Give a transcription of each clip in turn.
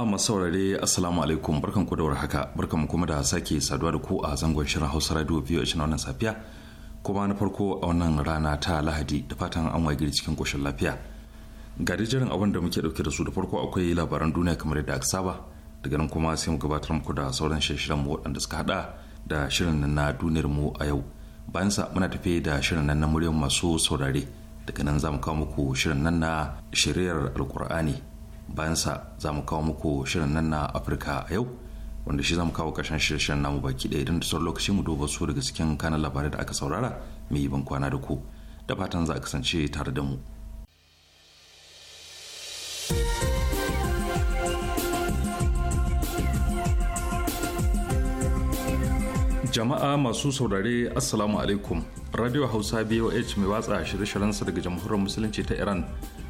jama'a masu saurare assalamu alaikum barkan ku da haka barkan kuma da sake saduwa da ku a zangon shirin Hausa Radio biyu a wannan safiya kuma na farko a wannan rana ta Lahadi da fatan an waye gari cikin koshin lafiya ga jirin abin da muke dauke da su da farko akwai labaran duniya kamar yadda aka saba daga nan kuma sai mu gabatar muku da sauran shirin mu waɗanda suka hada da shirin nan na duniyar mu a yau bayan sa muna tafe da shirin nan na muryar masu saurare daga nan za mu kawo muku shirin nan na shiriyar alkur'ani bayansa za mu kawo muku shirin nan na afirka a yau wanda shi za mu kawo ƙarshen shirin namu baki ɗaya idan da lokaci mu duba su daga cikin kanan labarai da aka saurara mai ban kwana da ku da fatan za a kasance tare da mu. jama'a masu saurare assalamu alaikum radio hausa boh mai watsa shirye-shiryensa daga jamhuriyar musulunci ta iran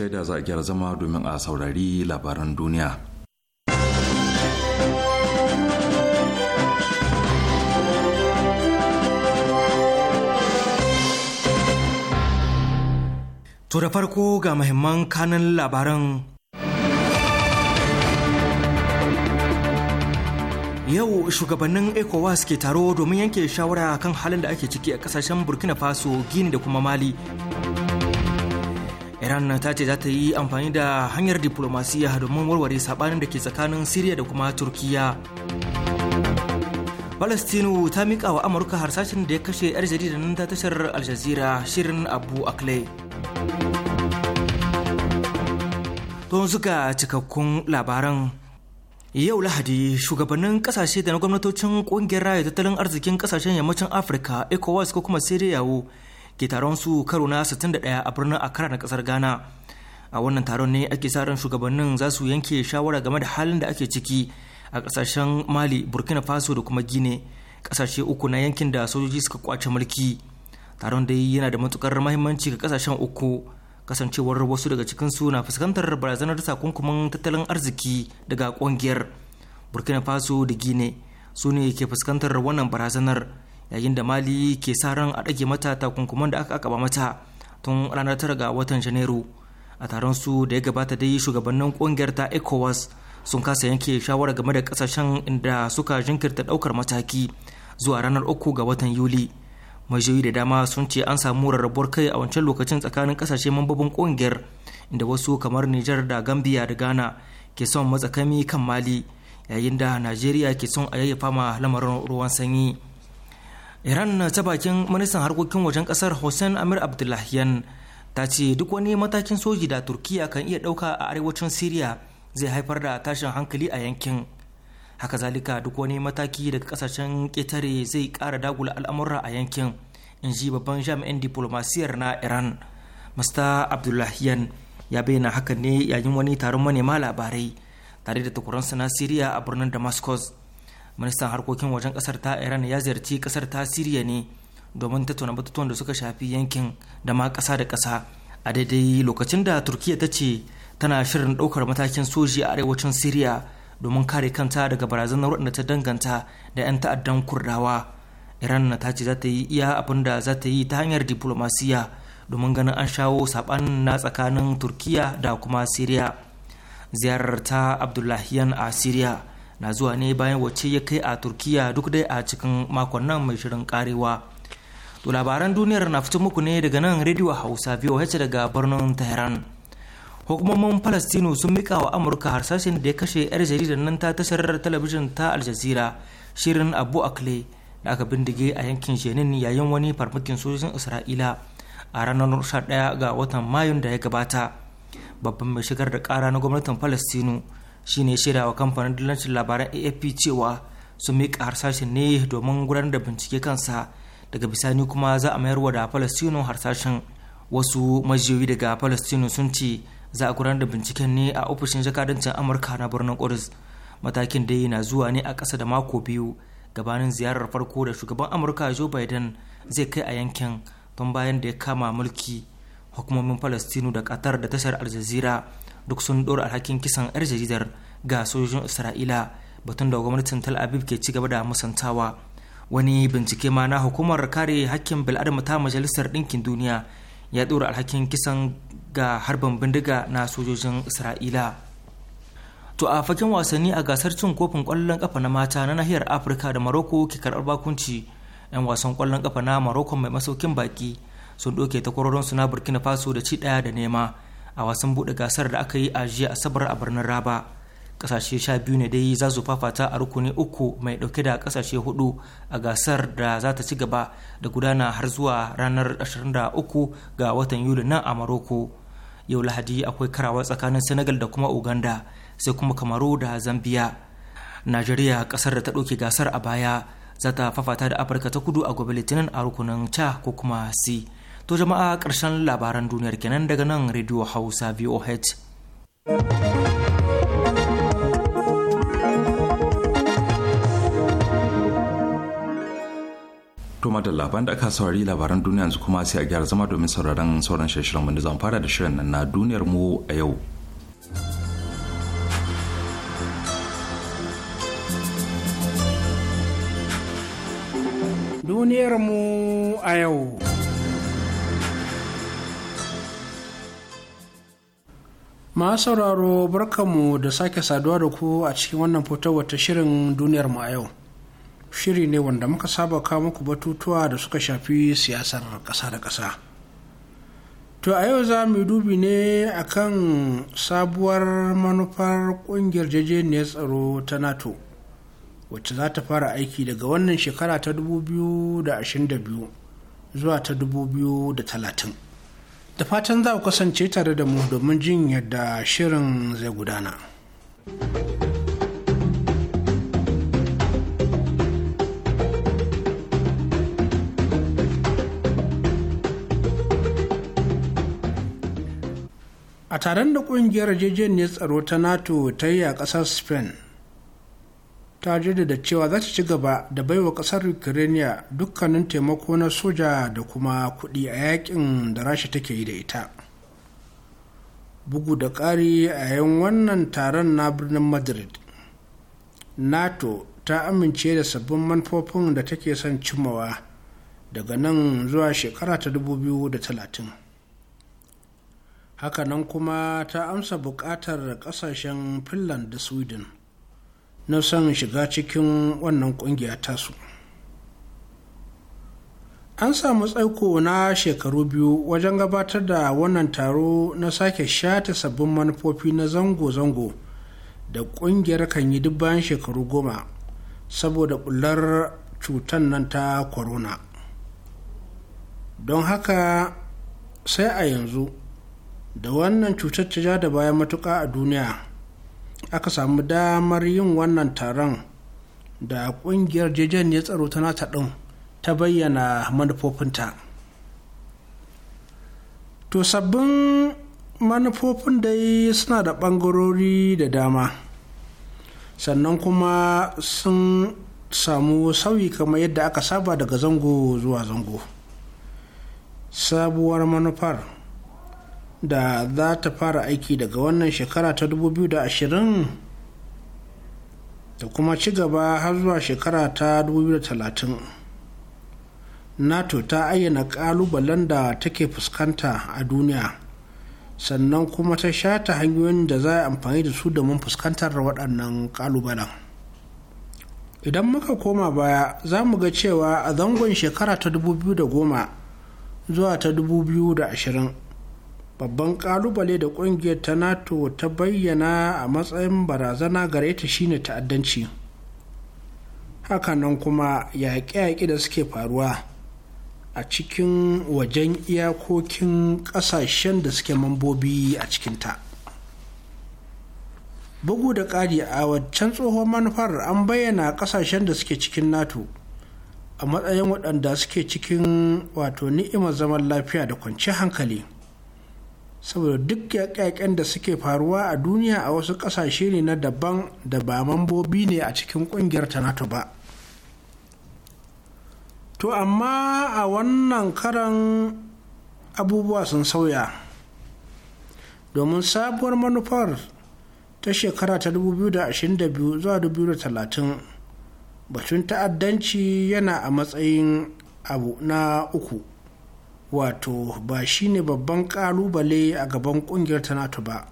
lokaci da za a gyara zama domin a saurari labaran duniya. To da farko ga mahimman kanan labaran yau shugabannin ecowas ke taro domin yanke shawara kan halin da ake ciki a kasashen burkina faso gini da kuma mali iran ta ce za ta yi amfani da hanyar diplomasiya domin warware sabanin da ke tsakanin siriya da kuma turkiya palestinu ta mika wa amurka harsashin da ya kashe 'yar jarida nan ta tashar aljazira shirin abu akle don suka cikakkun labaran yau lahadi shugabannin kasashe da na gwamnatocin kungiyar raya tattalin arzikin kasashen yammacin afirka ecowas ko kuma syria wo. ke taron su karo na 61 a birnin Accra na kasar Ghana. A wannan taron ne ake sa ran shugabannin za su yanke shawara game da halin da ake ciki a kasashen Mali, Burkina Faso da kuma Gine, kasashe uku na yankin da sojoji suka kwace mulki. Taron dai yana da matukar mahimmanci ga kasashen uku kasancewar wasu daga cikin su na fuskantar barazanar takunkumin tattalin arziki daga kungiyar burkina faso da gine su ne ke fuskantar wannan barazanar yayin da mali ke sa ran a ɗage mata takunkuman da aka akaba mata tun ranar tara ga watan janairu a taron su da ya gabata dai shugabannin kungiyar ta ecowas sun kasa yanke shawara game da kasashen inda suka jinkirta ɗaukar mataki zuwa ranar uku ga watan yuli majiyoyi da dama sun ce an samu rarrabuwar kai a wancan lokacin tsakanin kasashe mambobin kungiyar inda wasu kamar nijar da gambia da ghana ke son matsakami kan mali yayin da najeriya ke son a yayyafa ma lamarin ruwan sanyi iran ta bakin ministan harkokin wajen kasar hussein amir abdullahiyan ta ce duk wani matakin soji da turkiya kan iya ɗauka a arewacin siriya zai haifar da tashin hankali a yankin haka zalika duk wani mataki daga kasashen ƙetare zai ƙara dagula al'amura a yankin in ji babban jami'in diplomasiyar na iran mr abdullahiyan ya bayyana hakan ne yayin wani taron manema labarai tare da tukuransa na siriya a birnin damascus ministan harkokin wajen kasar ta iran ya ziyarci kasar ta siriya ne domin tattauna batutuwan da suka shafi yankin da ma kasa da kasa a daidai lokacin da turkiya ta ce tana shirin ɗaukar matakin soji a arewacin siriya domin kare kanta daga barazanar waɗanda ta danganta da 'yan ta'addan kurdawa iran ta ce za ta yi iya abin da za ta yi ta hanyar diplomasiya domin ganin an shawo saɓan na tsakanin turkiya da kuma siriya ziyarar ta abdullahiyan a siriya na zuwa ne bayan wacce ya kai a turkiya duk dai a cikin makonnan mai shirin karewa to labaran duniyar na fito muku ne daga nan radio hausa voh daga birnin tehran hukumomin palestino sun mika wa amurka harsashin da ya kashe yar jaridar nan ta tashar talabijin ta aljazira shirin abu akle da aka bindige a yankin jenin yayin wani farmakin sojojin isra'ila a ranar 11 ga watan mayun da ya gabata babban mai shigar da kara na gwamnatin palestino shine shaida wa kamfanin dillancin labaran afp cewa su miƙa harsashen ne domin gudanar da bincike kansa daga bisani kuma za a mayarwa da falastinu harsashen wasu majiyoyi daga falastinu sun ce za a gudanar da binciken ne a ofishin jakadancin amurka na birnin kudus matakin dai na zuwa ne a ƙasa da mako biyu gabanin ziyarar farko da shugaban amurka joe biden zai kai a yankin tun bayan da ya kama mulki hukumomin falastinu da qatar da tashar aljazira duk sun ɗora alhakin kisan 'yar jaridar ga sojojin isra'ila batun da gwamnatin tel aviv ke ci gaba da musantawa wani bincike ma na hukumar kare hakkin bil'adama ta majalisar ɗinkin duniya ya ɗora alhakin kisan ga harban bindiga na sojojin isra'ila to a fagen wasanni a gasar cin kofin kwallon kafa na mata na nahiyar afirka da maroko ke karbar bakunci 'yan wasan kwallon kafa na maroko mai masaukin baki sun ɗauke takwarorinsu na burkina faso da ci ɗaya da nema a wasan bude gasar da aka yi a jiya asabar a birnin raba kasashe sha biyu ne dai za su fafata a rukuni uku mai dauke da kasashe hudu a gasar da za ta ci gaba da gudana har zuwa ranar 23 ga watan yuli nan a maroko yau lahadi akwai karawa tsakanin senegal da kuma uganda sai kuma kamaru da zambia najeriya kasar da ta ɗauke gasar a baya za ta fafata da afirka ta kudu a gobe litinin a rukunin ca ko kuma si to jama'a karshen labaran duniyar kenan daga nan radio hausa voh Toma da labaran da aka saurari labaran duniya yanzu kuma sai a gyara zama domin sauraron sauran shirin wanda zan fara da shirin nan na duniyar mu a yau. Duniyar mu a yau. ma sauraro barkamu da sake saduwa da ku a cikin wannan fitowar ta shirin duniyar mu a yau shiri ne wanda muka saba kawo muku batutuwa da suka shafi siyasar ƙasa da ƙasa to a yau za mu dubi ne akan sabuwar manufar ƙungiyar jejeniyar tsaro ta nato wacce za ta fara aiki daga wannan shekara ta 2022 zuwa ta 2030 da fatan za ku kasance tare da mu domin jin yadda shirin zai gudana. a taron da kungiyar jejeniyar tsaro ta nato ta yi a kasar spain ta jaddada cewa za ta ci gaba da baiwa kasar ukraine dukkanin taimako na soja da kuma kuɗi a yakin da rasha take yi da ita bugu da ƙari a yin wannan taron na birnin madrid nato ta amince da sabbin manufofin da take son cimawa daga nan zuwa shekara ta 2030 hakanan kuma ta amsa buƙatar ƙasashen finland da sweden na son shiga cikin wannan kungiya tasu an samu tsaiko na shekaru biyu wajen gabatar da wannan taro na sake shata sabbin manufofi na zango-zango da kungiyar kan yi duk bayan shekaru goma saboda bular cutar nan ta corona don haka sai a yanzu da wannan cutar ta ja da bayan matuka a duniya aka samu damar yin wannan taron da kungiyar jejen ya tsaro ta nata ɗin ta bayyana manufofinta to sabbin manufofin dai suna da ɓangarori da dama sannan kuma sun samu sauyi kamar yadda aka saba daga zango zuwa zango sabuwar manufar da za ta fara aiki daga wannan shekara ta 2020 da kuma ci gaba har zuwa shekara ta 2030 nato ta ayyana kalubalen da take fuskanta a duniya sannan kuma ta shata hanyoyin da za a amfani da su domin fuskantar waɗannan kalubalen idan muka koma baya za mu ga cewa a zangon shekara ta 2010 zuwa ta 2020 babban kalubale da kungiyar ta nato ta bayyana a matsayin barazana gare ta shine ta'addanci hakanan kuma yaƙe-yaƙe da suke faruwa a cikin wajen iyakokin ƙasashen da suke mambobi a cikinta bugu da ƙari a waccan tsohon manufar an bayyana ƙasashen da suke cikin nato a matsayin waɗanda suke cikin wato ni'imar zaman lafiya da kwanci hankali saboda duk yaƙyaƙen da suke faruwa a duniya a wasu ƙasashe ne na daban da ba mambobi ne a cikin ƙungiyar ta nato ba to amma a wannan karan abubuwa sun sauya domin sabuwar manufar ta shekara ta 2022 zuwa 2030 batun ta'addanci yana a matsayin abu na uku wato ba shi ne babban ƙalubale a gaban ƙungiyar ta nato ba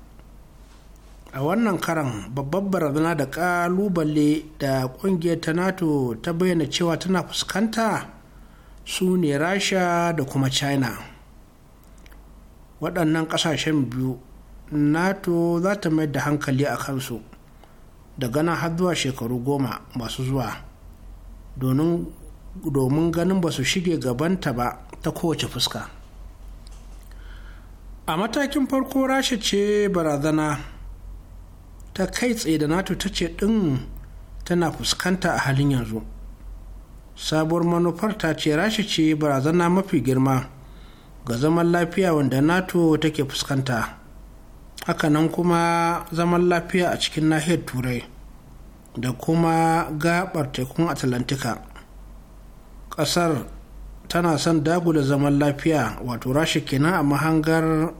a wannan karan babban barazana da ƙalubale da ƙungiyar ta nato ta bayyana cewa tana fuskanta su ne rasha da kuma china waɗannan ƙasashen biyu nato za ta mayar da hankali a kansu da gana har zuwa shekaru goma masu zuwa domin ganin ba su shige gabanta ba ta kowace fuska a matakin farko rasha ce barazana ta kai tsaye da nato ta ce ɗin tana fuskanta a halin yanzu sabuwar manufar ta ce rasha ce barazana mafi girma ga zaman lafiya wanda nato take fuskanta hakanan kuma zaman lafiya a cikin nahiyar turai da kuma gabar tekun atlantika ƙasar tana son dagula zaman lafiya wato rasha kenan a mahangar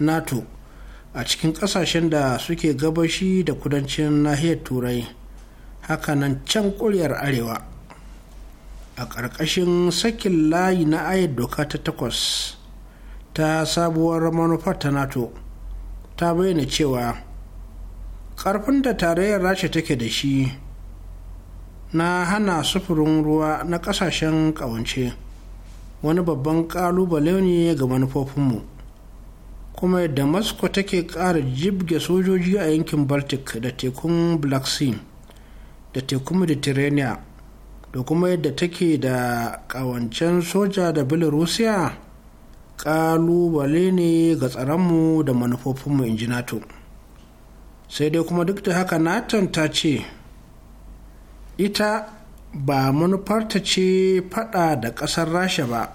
nato a cikin kasashen da suke gabashi da kudancin nahiyar turai hakanan can kuryar arewa a ƙarƙashin sakin layi na ayat doka ta takwas ta sabuwar manufar ta nato ta bayyana cewa ƙarfin da tarayyar rasha take da shi na hana sufurin ruwa na ƙasashen ƙawance. wani babban kalubale ne ga manufofinmu kuma yadda take ƙara jibge sojoji a yankin baltic da tekun black sea da tekun mediterranean da kuma yadda take da ƙawancen soja da belarusia ƙalubale ne ga tsaronmu da manufofinmu in ji nato sai dai kuma duk da haka naton ta ce ita ba manufarta ce fada da ƙasar rasha ba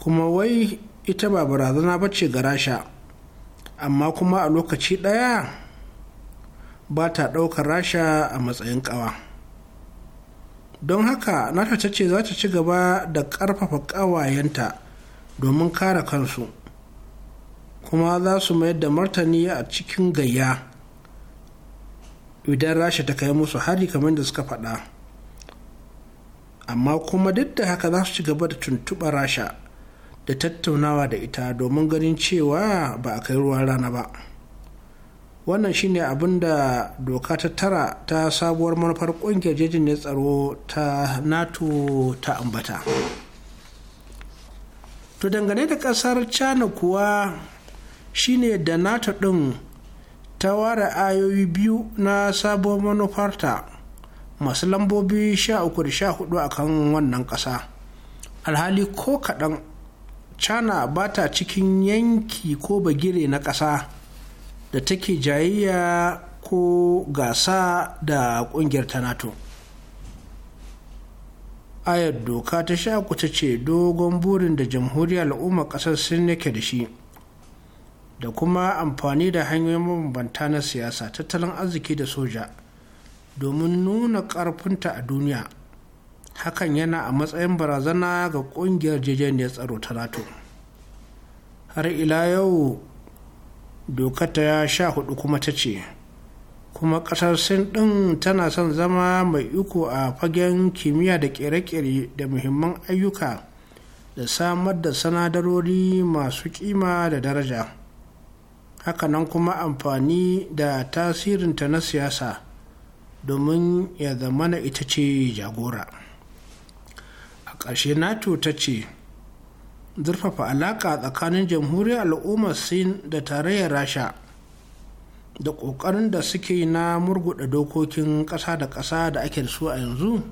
kuma wai ita ba barazana ba ce ga rasha amma kuma a lokaci ɗaya ba ta ɗaukar rasha a matsayin ƙawa don haka nata ta ce za ta ci gaba da ƙarfafa ƙawayenta domin kare kansu kuma za su mayar da martani a cikin gayya idan rasha ta kai musu hari kamar da suka faɗa amma kuma duk da haka za su ci gaba da tuntuɓa rasha da tattaunawa da ita domin ganin cewa ba a kai ruwan rana ba wannan shine abin da doka ta tara ta sabuwar manufar ƙungiyar jejin tsaro ta nato ta ambata to dangane da kasar china kuwa shine da nato ɗin ta ware ayoyi biyu na sabuwar manufarta masu lambobi sha uku da 14 a kan wannan ƙasa alhali ko kaɗan china ba ta cikin yanki ko bagire na ƙasa da take jayayya ko gasa da ƙungiyar ta nato ayar doka ta sha kuta ce dogon burin da jamhuriyar al'umma ƙasar sun nake da shi da kuma amfani da hanyoyin mabambanta na siyasa tattalin arziki da soja domin nuna ƙarfinta a duniya hakan yana a matsayin barazana ga ƙungiyar jejeniyar tsaro ta nato har ila yau doka ta sha hudu kuma ta ce kuma ƙasar sin ɗin tana son zama mai iko a fagen kimiyya da ƙere-ƙere da muhimman ayyuka da samar da sanadarori masu kima da daraja hakanan kuma amfani da tasirinta na siyasa domin ya zama na ita ce jagora a ƙarshe nato ta ce zurfafa alaƙa tsakanin jamhuriyar al'ummar sin da tarayyar rasha da ƙoƙarin da suke na murguɗa dokokin ƙasa da ƙasa da ake da su a yanzu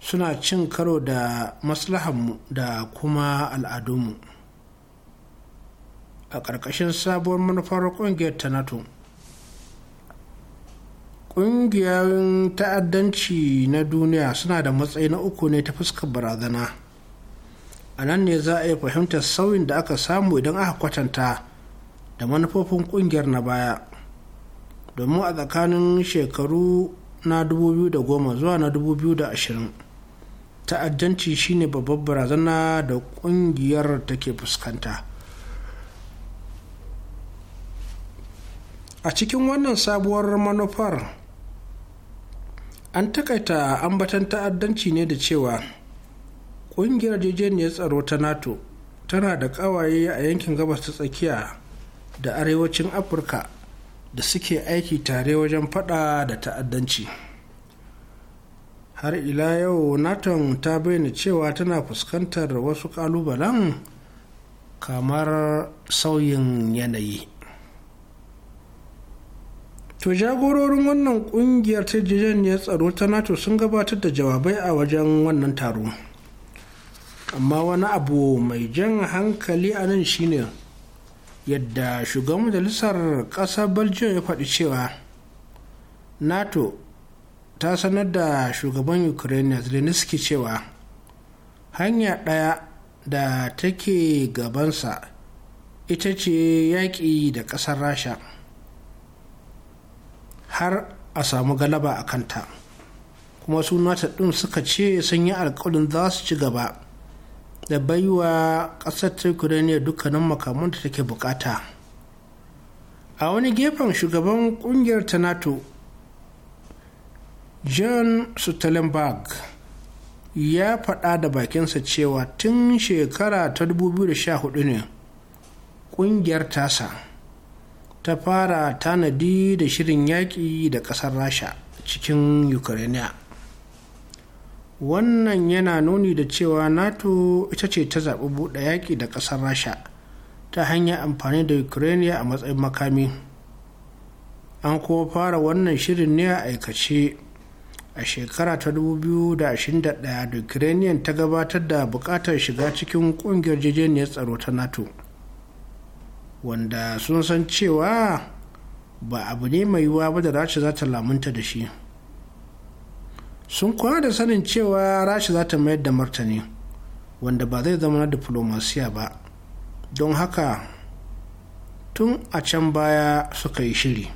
suna cin karo da maslahanmu da kuma al'adunmu a ƙarƙashin sabuwar manufar ƙungiyar ta nato ƙungiyoyin ta'addanci na duniya suna da matsayi na uku ne ta fuskar barazana a nan ne za a yi fahimtar sauyin da aka samu idan aka kwatanta da manufofin ƙungiyar na baya domin a tsakanin shekaru na 2010 zuwa na 2020 ta'addanci shine babbar barazana da ƙungiyar take fuskanta a cikin wannan sabuwar manufar an takaita ambatan ta'addanci ne da cewa ƙungiyar jejeniyar tsaro ta nato tana da ƙawaye a yankin gabas ta tsakiya da arewacin afirka da suke aiki tare wajen fada da ta'addanci har ila yau NATO ta bayyana cewa tana fuskantar wasu ƙalubalen kamar sauyin yanayi to jagororin wannan kungiyar ya tsaro ta nato sun gabatar da jawabai a wajen wannan taro amma wani abu mai jan hankali a nan shine yadda shugaban majalisar ƙasar belgium ya faɗi cewa nato ta sanar da shugaban ukraine zelensky cewa hanya ɗaya da take gabansa ita ce yaƙi da ƙasar rasha har a samu galaba a kanta kuma su nata ɗin suka ce sun yi alkawarin za su ci gaba da baiwa ƙasar ne dukkanin makaman da take bukata a wani gefen shugaban ƙungiyar ta nato john stoltenberg ya faɗa da bakinsa cewa tun shekara ta 2014 ne ƙungiyar tasa ta fara tanadi da shirin yaƙi da ƙasar rasha cikin ukraine wannan yana nuni da cewa nato ita ce ta zaɓi buɗe yaƙi da ƙasar rasha ta hanyar amfani da ukraine a matsayin makami an kuma fara wannan shirin ne a aikace a shekara ta 2021 da ukrainian ta gabatar da buƙatar shiga cikin ƙungiyar jejeniyar tsaro ta nato wanda sun san cewa ba abu ne mai yiwuwa ba da rashi za ta lamunta da shi sun kwana da sanin cewa rashi za ta mayar da martani wanda ba zai zama na diplomasiya ba don haka tun a can baya suka yi shiri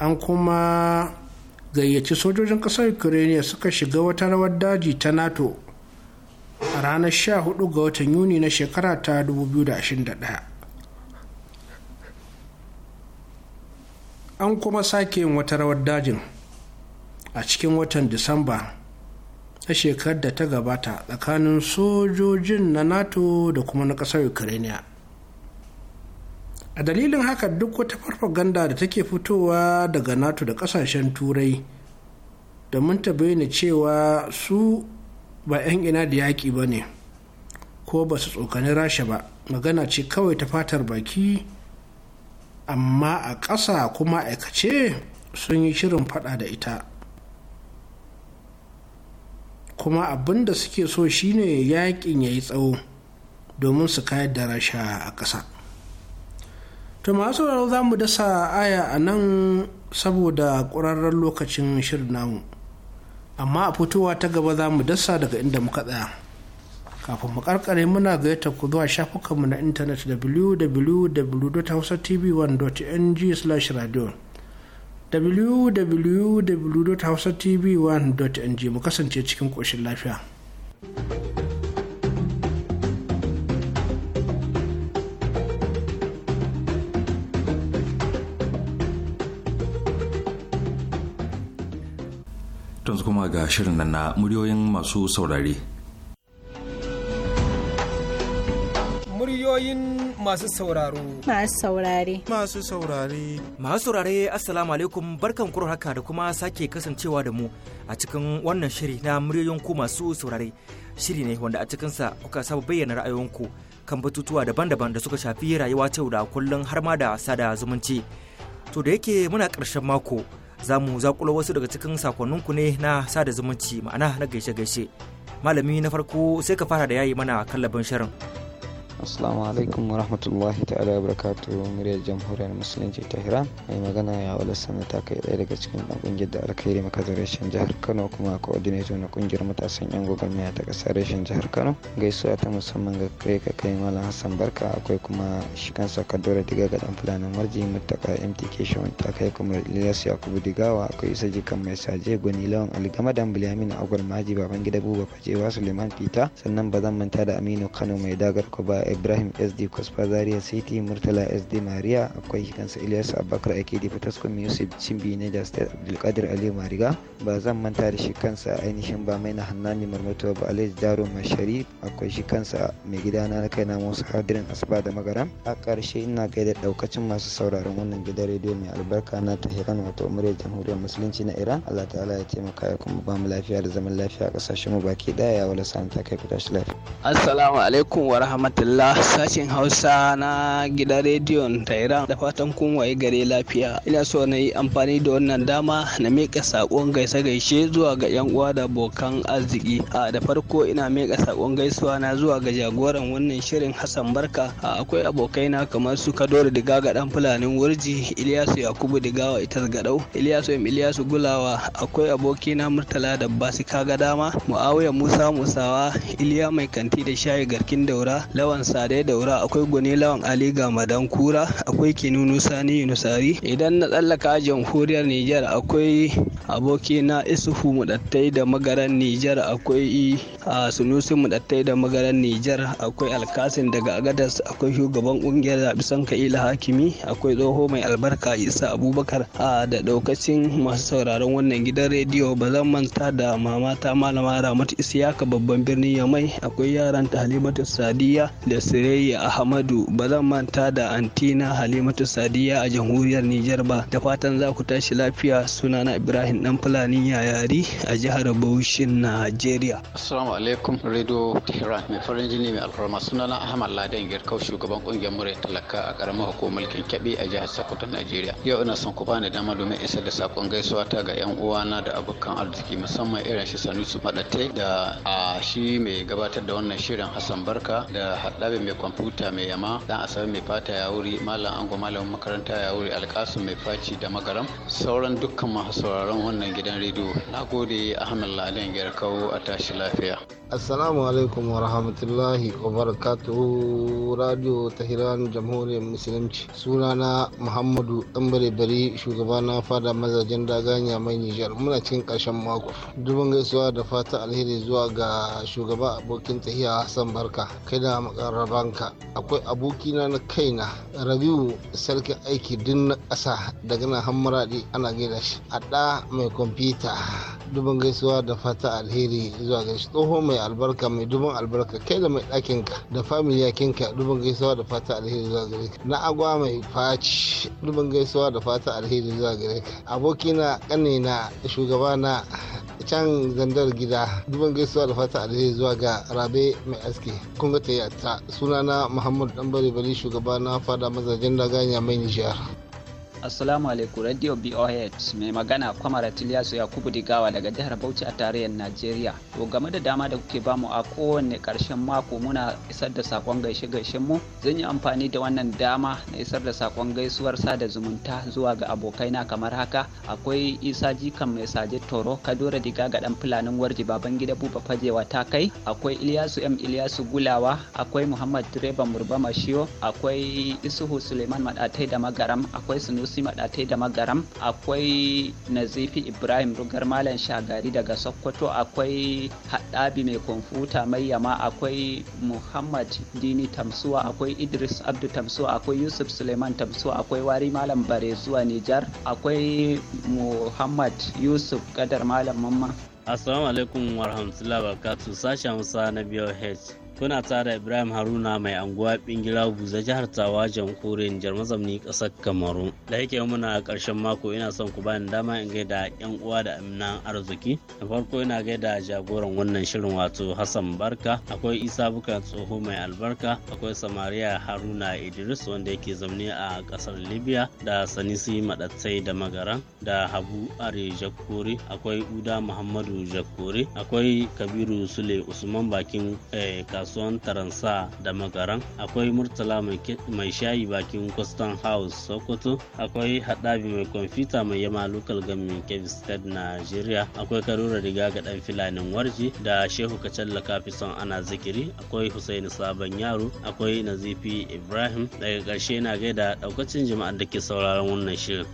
an kuma gayyaci sojojin ƙasar ukraine suka shiga wata rawar daji ta nato a ranar 14 ga watan yuni na shekara ta 2021 an kuma sake yin wata rawar dajin a cikin watan disamba ta shekarar da ta gabata tsakanin sojojin na nato da kuma na ƙasar ukraine a dalilin haka duk wata farfaganda da take fitowa daga nato da ƙasashen turai domin ta bayyana cewa su ba 'yan ina da yaƙi ba ne ko ba su tsokani rasha ba magana ce kawai ta fatar baki amma a ƙasa kuma aikace sun yi shirin faɗa da ita kuma abin da suke so shine yakin ya yi tsawo domin su kayar da rasha a ƙasa to masu sauraro za mu dasa aya a nan saboda ƙwararren lokacin shirin namu amma a fitowa ta gaba za mu dasa daga inda muka tsaya kafin mu karkare muna gayyata ku zuwa shafukanmu na intanet www.hausatv1.ng/radio www.hausatv1.ng mu kasance cikin koshin lafiya. Tanzu kuma ga shirin na muryoyin masu saurare. Muryoyin masu sauraro. Masu saurare. Masu saurare. Masu saurare Assalamu alaikum barkan kuro haka da kuma sake kasancewa da mu a cikin wannan shiri na muryoyin ku masu saurare. Shiri ne wanda a cikinsa kuka saba bayyana ra'ayoyinku kan batutuwa daban-daban da suka shafi rayuwa ta da kullum har ma da sada zumunci. To da yake muna karshen mako za mu zakulo wasu daga cikin sakonninku ne na sada zumunci ma'ana na gaishe-gaishe. Malami na farko sai ka fara da yayi mana kallabin shirin. assalamu alaikum wa rahmatullahi ta'ala wa barakatuhu muryar jamhuriyar musulunci ta iran mai magana ya wala sana ta kai ɗaya daga cikin ɗan ƙungiyar da alkhairi makazin reshen jihar kano kuma coordinator na ƙungiyar matasan yan gwagwarmaya ta ƙasar reshen jihar kano gaisuwa ta musamman ga kai ka kai malam hassan barka akwai kuma shi saka dora diga ga ɗan fulanin marji mutaka mtk ta kai kuma ilyas yakubu digawa akwai isa jikan mai saje gwani lawan ali bilyamin agwar maji baban gida buba fajewa suleiman fita sannan ba zan manta da aminu kano mai dagar ko ba ibrahim sd kwasfa zaria city murtala sd maria akwai kansa ilyas abubakar ake da fataskun yusuf cimbi ne da state abdulkadir ali mariga ba zan manta da shi kansa ainihin ba mai na hannani marmato ba alhaji daro mashari akwai shi kansa mai gidana na kaina musa hadirin asba da magaram a karshe ina gaida daukacin masu sauraron wannan gidan rediyo mai albarka na tahiran wato muryar jamhuriyar musulunci na iran allah ta'ala ya taimaka ya kuma ba mu lafiya da zaman lafiya a ƙasashen mu baki daya ya wala sanata kai fita shi lafiya assalamu alaikum wa rahmatullahi ta'ala sashen Hausa na gidan rediyon Tehran da fatan kun waye gare lafiya. Ina so na yi amfani da wannan dama na miƙa saƙon gaisa gaishe zuwa ga 'yan uwa da abokan arziki. A da farko ina miƙa saƙon gaisuwa na zuwa ga jagoran wannan shirin Hassan Barka. A akwai abokaina kamar su Kadori Diga ga fulani Fulanin Wurji, Iliyasu Yakubu Digawa Itas Gadau, Iliyasu M Iliyasu Gulawa, akwai abokina Murtala da Basi ga Dama, Muawiya Musa Musawa, Iliya Mai Kanti da Shayi Garkin Daura, Lawan Usman da Daura akwai Gwani Lawan Ali Gamadan Kura akwai Kinunu Sani Yunusari idan na tsallaka jamhuriyar Nijar akwai aboki na Isuhu Mudattai da magaran Nijar akwai Sunusi Mudattai da magaran Nijar akwai Alkasin daga Agadas akwai shugaban kungiyar zaɓi kaila ila hakimi akwai tsoho mai albarka Isa Abubakar da daukacin masu sauraron wannan gidan rediyo ba zan manta da mamata malama Ramatu Isiyaka babban birnin Yamai akwai yaran ta Halimatu Sadiya da Sirayya Ahmadu ba zan manta da Antina Halimatu Sadiya a jamhuriyar Nijar ba da fatan za ku tashi lafiya sunana Ibrahim dan Fulani Yayari a jihar Bauchi Najeriya. Assalamu alaikum Radio Tehran mai farin jini mai alfarma sunana Ahmad Ladan Girkau shugaban kungiyar murya talaka a karamar hukumar Kebe a jihar Sokoto Najeriya. Yau ina son ku bani dama domin isa da sakon gaisuwa ta ga yan uwana da abokan arziki musamman irin shi sanusu Madatte da a shi mai gabatar da wannan shirin Hassan Barka da haɗabe mai kwamfuta mai yama dan asabe mai fata ya wuri malam ango malamin makaranta ya wuri alkasun mai faci da magaram sauran dukkan masu sauraron wannan gidan rediyo na gode ahmed ladan kawo a tashi lafiya assalamu alaikum wa rahmatullahi wa barakatuhu radio tahiran jamhuriyar musulunci sunana muhammadu ɗanbare bari shugaba na fada mazajen daganya mai nijar muna cikin karshen mako dubin gaisuwa da fata alheri zuwa ga shugaba abokin tahiya hassan barka kai da rabanka akwai abokina na kaina rabiu sarkin aiki din na ƙasa daga nan hammaradi ana gaida shi a ɗa mai kwamfuta dubin gaisuwa da fata alheri zuwa ga shi tsoho mai albarka mai dubin albarka kai da mai ɗakinka da familiya kinka dubin gaisuwa da fata alheri zuwa gare ka na agwa mai faci dubin gaisuwa da fata alheri zuwa gare ka abokina ƙanina shugaba na can zandar gida dubin gaisuwa da fata alheri zuwa ga rabe mai aski kun ga ta sunana muhammadu dan bale bari shugaba na fada mazajen da ganya mai nijar Assalamu alaikum Radio BOH mai magana Kwamara Tiliyasu Yakubu Digawa daga jihar Bauchi a tarayyar Najeriya. To game da dama da kuke bamu a kowanne karshen mako muna isar da sakon gaishe gaishen mu. Zan yi amfani da wannan dama na isar da sakon gaisuwar sada zumunta zuwa ga abokaina kamar haka akwai Isa Jikan mai saje Toro Kadura Diga ga dan fulanin Warji baban gida Buba Fajewa ta kai akwai Iliyasu M Iliyasu Gulawa akwai Muhammad Direban Murba Mashiyo akwai Isuhu Suleiman Madatai da Magaram akwai Sunusi sanusi maɗatai da magaram akwai nazifi ibrahim rugar malam shagari daga sokoto akwai haɗabi mai kwamfuta mai yama akwai muhammad dini tamsuwa akwai idris abdu tamsuwa akwai yusuf suleiman tamsuwa akwai wari malam bare zuwa nijar akwai muhammad yusuf kadar malam mamma Assalamu alaikum warahmatullahi wabarakatuh sashen musa na BOH. kuna tsara ibrahim haruna mai anguwa bingila buza jihar tawa jamhuriyar jar mazamni kasar kamaru da yake muna karshen mako ina son ku bani dama in gaida yan uwa da amina arziki da farko ina gaida jagoran wannan shirin wato hassan barka akwai isa buka tsoho mai albarka akwai samariya haruna idris wanda yake zaune a kasar libya da sanisi madatsai da magaran da habu are jakore akwai uda muhammadu jakore akwai kabiru sule usman bakin eh, kasuwa kasuwan taransa da magaran akwai murtala mai shayi bakin kwastan house sokoto akwai haɗabi mai kwamfuta mai yama lokal government cape state nigeria akwai karura riga ga ɗan filanin warji da shehu kafi kafison ana zikiri akwai husaini sabon yaro akwai nazifi ibrahim daga ƙarshe na gaida ɗaukacin jama'ar da ke sauraron wannan shirin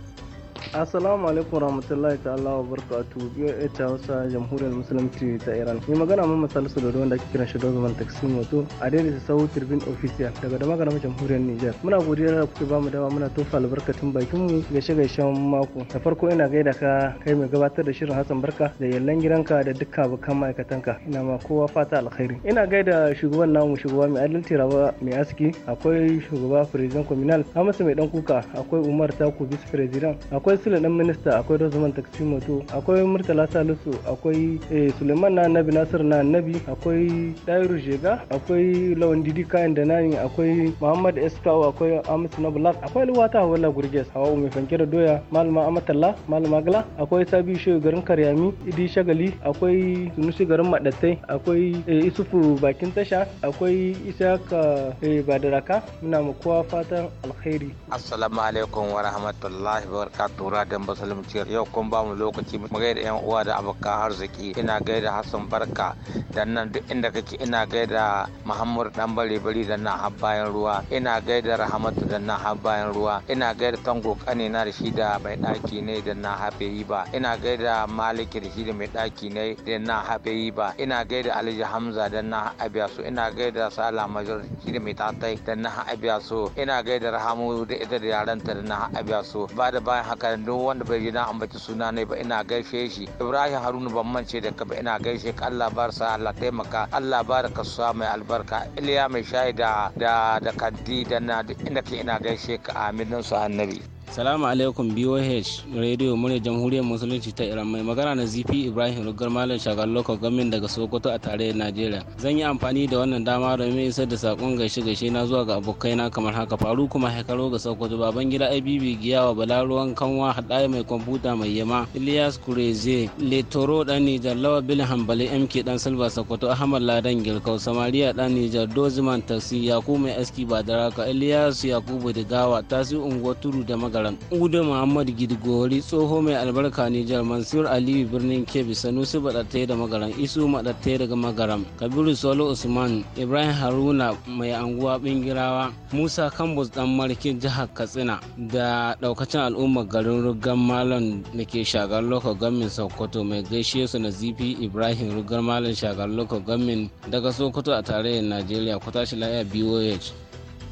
Assalamu alaikum warahmatullahi ta'ala wa barakatuhu biyo ita Hausa Jamhuriyar Musulunci ta Iran. Ni magana mun misal su da wanda ake kiran shi da zaman taksim moto a daidai su sau turbin official daga da magana Jamhuriyar Niger. Muna godiya da kuke bamu dama muna tofa albarkatun bakin mu gaishe gaishen mako. Da farko ina gaida ka kai mai gabatar da shirin Hassan Barka da yallan gidanka da dukkan abokan ma'aikatanka. Ina ma kowa fata alkhairi. Ina gaida shugaban namu shugaba mai adalci raba mai aski akwai shugaba president communal Hamisu mai dan kuka akwai Umar Taku vice president akwai akwai sule minista akwai rozaman taksi moto akwai murtala salisu akwai eh, suleiman na annabi nasir na annabi akwai dairu shega akwai lawan didi kayan da nani akwai muhammad eskawo akwai amis na bulak akwai luwata wala gurges hawa umar fanke da doya malama amatalla malama gala akwai sabi shehu garin karyami idi shagali akwai sunusi garin madattai akwai eh, isufu bakin tasha akwai isaka eh, badaraka muna makuwa kowa fatan alkhairi assalamu alaikum wa rahmatullahi wa barakatuh tura dan basalim ciyar yau kun ba mu lokaci mu gaida yan uwa da abokan arziki ina gaida hassan barka dan nan duk inda kake ina gaida muhammad dan bare bari da nan har bayan ruwa ina gaida rahmatu da nan har bayan ruwa ina gaida tango kane na da shi da mai daki ne da nan hafe yi ba ina gaida maliki da shi da mai daki ne da nan hafe yi ba ina gaida alhaji hamza da nan abiya su ina gaida sala major shi da mai tatai da nan abiya su ina gaida rahamu da ita da yaranta da nan abiya su ba da bayan haka karin don wanda bai gina na ambaci suna ne ba ina gaishe shi ibrahim haruna ban mance da ka ba ina gaishe ka allah sa allah taimaka allah ka sa mai albarka iliya mai shaida da da kanti da na duk inda ke ina gaishe ka amin su annabi. Salamu alaikum BOH Radio Murya Jamhuriyar Musulunci ta Iran mai magana na Zifi Ibrahim Rugar Malam Shagar Local Gamin daga Sokoto a tarayyar Najeriya. Zan yi amfani da wannan dama domin isar da sakon gaishe gaishe na zuwa ga abokaina kamar haka faru kuma haikaro ga Sokoto baban gida IBB Giyawa Balaruwan Kanwa Hadaya mai kwamfuta mai yama ilias Kureze Letoro dan Nijar Lawa Bil Hambali MK dan Silva Sokoto Ahmad Ladan Girkau Samariya dan Nijar Doziman Taksi Yakubu mai aski Badaraka ilias Yakubu da Gawa Tasi Unguwa Turu da Maga magaran uda muhammad gidgori tsoho mai albarka nijar mansur aliyu birnin kebbi sanusi baɗatai da magaran isu maɗatai daga magaram kabiru solo usman ibrahim haruna mai anguwa bingirawa musa kambus dan markin jihar katsina da ɗaukacin al'ummar garin Rugar malam da ke shagar loko gamin sokoto mai gaishe su na zifi ibrahim rugar malam shagar loko gamin daga sokoto a tarayyar najeriya ku tashi lafiya boh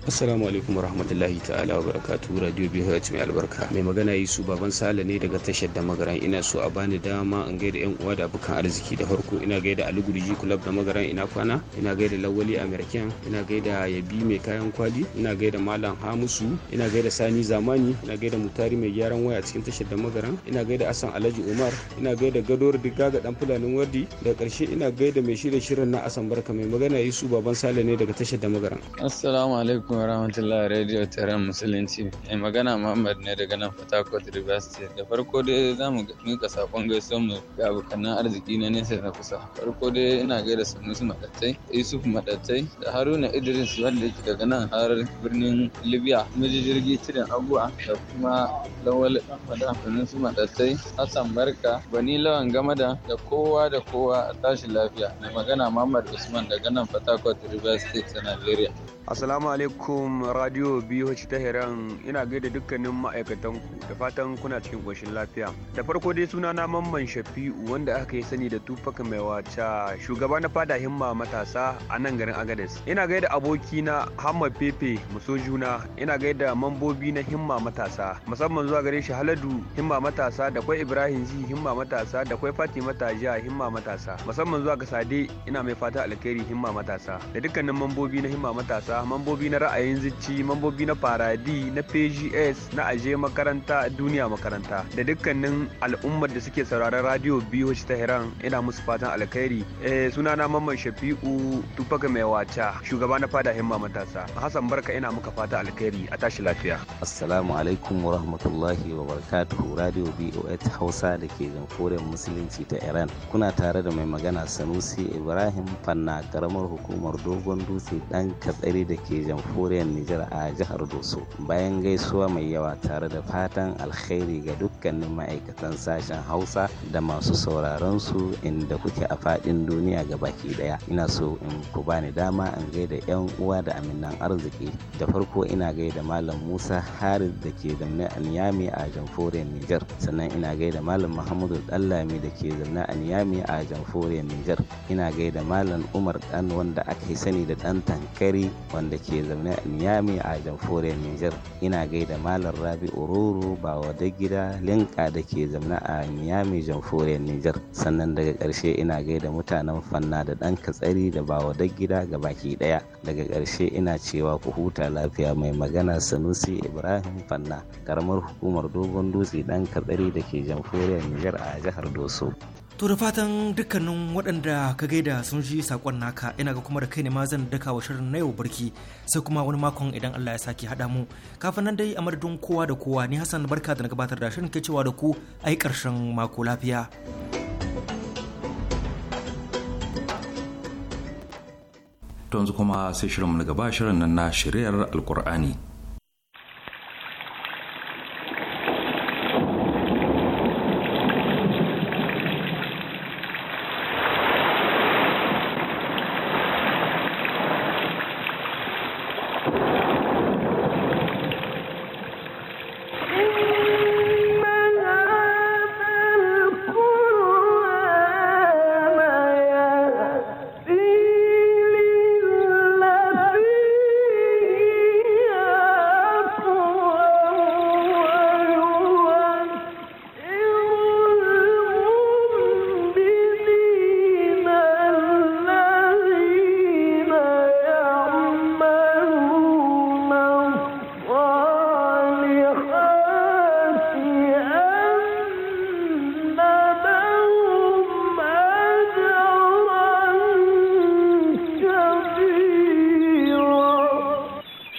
assalamu alaikum rahmatullahi ta'ala wa barakatuhu radio bh mai albarka mai magana yi su baban sale ne daga tashar da magaran ina so a bani dama in gaida yan uwa da abokan arziki da farko ina gaida ali gurji club da magaran ina kwana ina gaida lawali american ina gaida yabi mai kayan kwali ina gaida malam hamusu ina gaida sani zamani ina gaida mutari mai gyaran waya cikin tashar da magaran ina gaida asan alhaji umar ina gaida gador diga ga dan fulanin wardi da karshe ina gaida mai shirye shirin na asan barka mai magana yi su baban sala ne daga tashar da magaran assalamu alaikum alaikum warahmatullah radio taron musulunci mai magana muhammad ne daga nan fatakot university da farko dai za mu mika sakon gaisuwar mu ga abokanan arziki na nesa da kusa farko dai ina gaida sanusi madattai yusuf madattai da haruna idris wanda yake daga nan har birnin libya miji jirgi tirin abuwa da kuma lawal madafanin su madattai hassan barka bani lawan gamada da kowa da kowa a tashi lafiya mai magana muhammad usman daga nan fatakot university ta nigeria Assalamu alaikum Radio BH Tahiran ina gaida dukkanin ma'aikatan ku da fatan kuna cikin ƙoshin lafiya. Da farko dai suna na Mamman Shafi'u wanda aka yi sani da tufaka mai wata shugaba na fada himma matasa a nan garin Agades. Ina gaida abokina Hamma Pepe Musojuna ina gaida mambobi na himma matasa musamman zuwa gare shi Haladu himma matasa da kwai Ibrahim Zi himma matasa da kwai Fatima Tajiya himma matasa musamman zuwa ga Sade ina mai fata alkhairi himma matasa da dukkanin mambobi na himma matasa mambobi na ra'ayin zici mambobi na faradi na pgs na aje makaranta duniya makaranta da dukkanin al'ummar da suke sauraron radio biyu hiran ina musu fatan alkhairi eh na mamman shafi'u tufaka mai wata shugaba na fada himma matasa hassan barka ina muka fata alkhairi a tashi lafiya assalamu alaikum wa rahmatullahi wa barakatuhu radio BOS hausa da ke jamhuriyar musulunci ta iran kuna tare da mai magana sanusi ibrahim fanna karamar hukumar dogon dutse dan katsari da ke jamhuriyar Nijar a jihar Doso. Bayan gaisuwa mai yawa tare da fatan alkhairi ga dukkanin ma'aikatan sashen Hausa da masu sauraron su inda kuke a fadin duniya ga baki ɗaya. Ina so in ku bani dama in gaida 'yan uwa da aminan arziki. Da farko ina gaida Malam Musa Haris da ke zaune a Niyami a jamhuriyar Nijar. Sannan ina gaida Malam Muhammadu Dallami da ke zaune a Niyami a jamhuriyar Nijar. Ina gaida Malam Umar Dan wanda aka yi sani da Dan Tankari wanda ke zaune a Niyami a jamhuriyar Nijar. Ina gaida Malam Rabi Ororo ba da gida Linka da ke zaune a Niyami jamhuriyar Nijar. Sannan daga ƙarshe ina gaida mutanen Fanna da ɗan Katsari da Bawa da gida baki ɗaya. Daga ƙarshe ina cewa ku huta lafiya mai magana Sanusi Ibrahim Fanna, karamar hukumar Dogon Dutse ɗan Katsari da ke jamhuriyar Nijar a jihar Doso. To da fatan dukkanin waɗanda ka gaida sun ji saƙon naka ina ga kuma da kai ne ma zan daka wa shirin na yau barki sai kuma wani makon idan Allah ya sake haɗa mu. Kafin nan dai a madadin kowa da kowa ni Hassan barka da na gabatar da shirin ke cewa da ku ai ƙarshen mako lafiya. To yanzu kuma sai shirin na gaba shirin nan na shiriyar Alƙur'ani.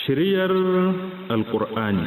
شرير القرآن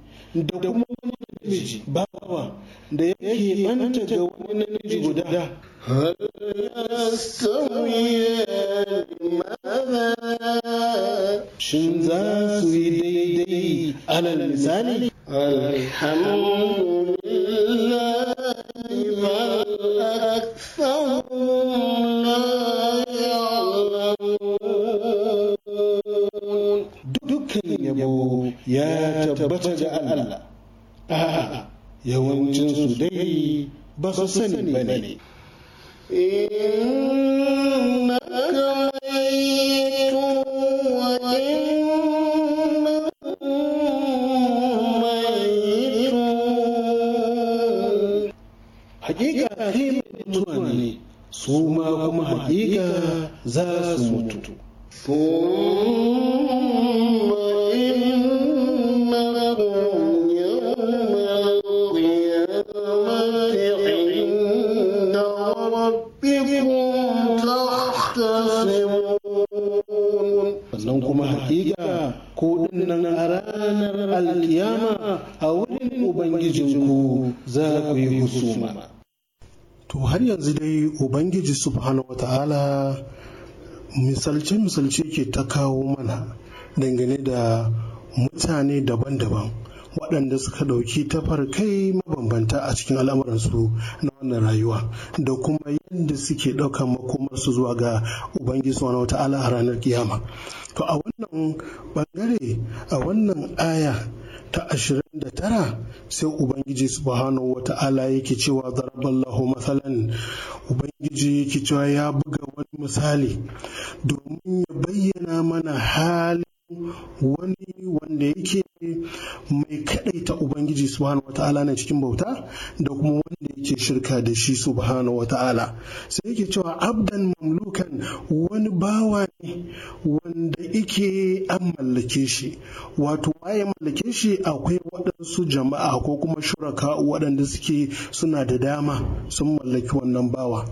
حسن بني subhanahu wa ta'ala misalce-misalce ke ta kawo mana dangane da mutane daban-daban waɗanda suka ɗauki kai mabambanta a cikin al'amuransu na wannan rayuwa da kuma yadda suke ɗaukan makomarsu zuwa ga ubangiji wani wata ala a ranar kiyama to a wannan ɓangare a wannan aya ta ashirin da tara, sai ubangiji subhanahu wata'ala yake cewa zaraballahu matsalan ubangiji yake cewa ya buga wani misali domin ya bayyana mana hali. wani wanda yake mai kaɗai ta ubangiji subhanahu wata'ala na cikin bauta da kuma wanda yake shirka da shi subhanahu wata'ala sai yake cewa abdan mamlukan wani bawa ne wanda yake an mallake shi wato waye mallake shi akwai waɗansu jama'a ko kuma shuraka waɗanda suke suna da dama sun mallaki wannan bawa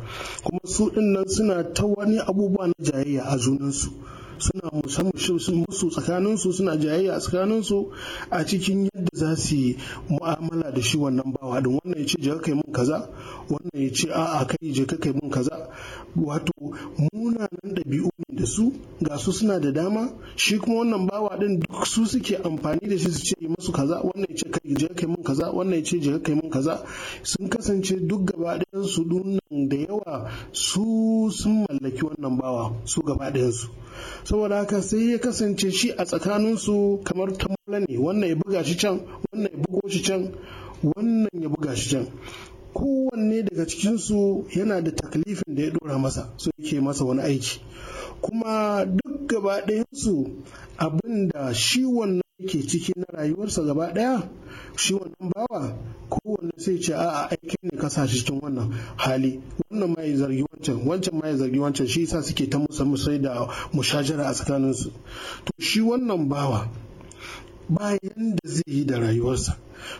kuma su ɗin nan suna ta wani abubuwa na jayayya a junansu suna musu tsakaninsu suna jayayya a tsakaninsu a cikin yadda za su yi mu'amala da shi wannan bawa din wannan ya ce je kai mun kaza wannan ya ce a'a kai je ka kai mun kaza wato munanan ɗabi'u ne da su ga su suna da dama shi kuma wannan bawa din duk su suke amfani da shi su ce musu kaza wannan ya ce kai je kai mun kaza wannan ya ce je ka kai mun kaza sun kasance duk gaba ɗayan su dunnan da yawa su sun mallaki wannan bawa su gaba ɗayan su saboda haka sai ya kasance shi a tsakaninsu kamar tamula ne wannan ya buga shi can wannan ya bugo shi can wannan ya buga shi can kowanne daga cikinsu yana da takalifin da ya dora masa so yake masa wani aiki kuma duk gaba ɗayansu abin da shi wannan yake ciki na rayuwarsa gaba ɗaya shi wannan bawa ko wanne sai ce a a aikin ne kasa shi cikin wannan hali wannan ma zargi wancan wancan ma ya zargi wancan shi yasa suke ta musa musai da mushajara a tsakanin su to shi wannan bawa bayan da zai yi da rayuwarsa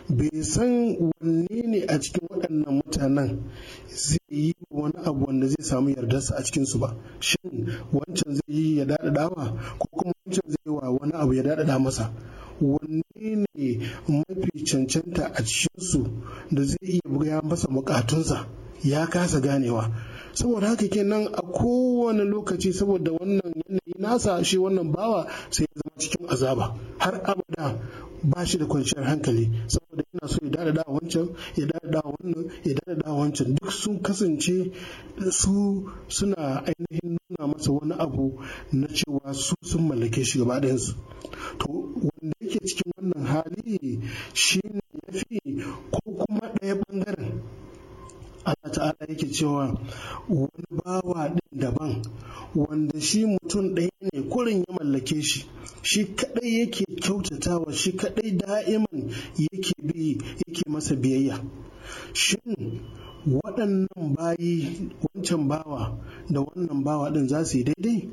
bai san wanne ne a cikin waɗannan mutanen zai yi wani abu wanda zai samu yardarsa a cikinsu ba shin wancan zai yi ya daɗaɗawa ko kuma wancan zai yi wa wani abu ya daɗaɗa masa wanne ne mafi cancanta a cikinsu da zai iya buga ya masa bukatunsa ya kasa ganewa saboda haka kenan a kowane lokaci saboda wannan yanayi nasa shi wannan bawa sai ya zama cikin azaba har abada ba shi da kwanciyar hankali saboda yana so ya dada dawa wancan ya dada dawa wannan ya dada dawa wancan duk sun kasance su suna ainihin nuna masa wani abu na cewa su sun mallake shi gaba ɗayansu to wanda yake cikin wannan hali shine ya fi ko kuma ɗaya ɓangaren Allah ta'ala yake cewa wani bawa ɗin daban wanda shi mutum ɗaya ne kurin ya mallake shi shi kaɗai yake kyautatawa shi kaɗai da'iman yake bi yake masa biyayya shin waɗannan bayi wancan bawa da wannan bawa ɗin za su yi daidai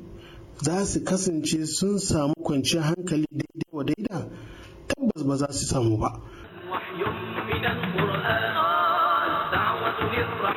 za su kasance sun samu kwanciyar hankali daidai wa daida tabbas ba za su samu ba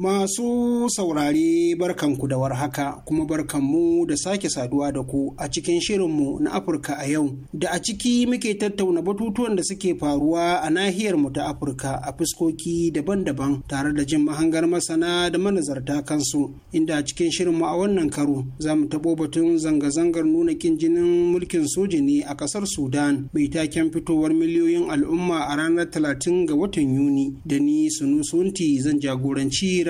Masu saurare barkanku da warhaka kuma barkanmu da sake saduwa da ku a cikin shirinmu na Afirka a yau da a ciki muke tattauna batutuwan da suke faruwa a nahiyar mu ta Afirka a fuskoki daban-daban tare da jin mahangar masana da manazarta kansu inda a cikin shirinmu a wannan karo za mu taɓo batun zanga-zangar nuna kin jinin mulkin soja ne a ƙasar Sudan mai taken fitowar miliyoyin al'umma a ranar talatin ga watan Yuni da ni Sunusunti zan jagoranci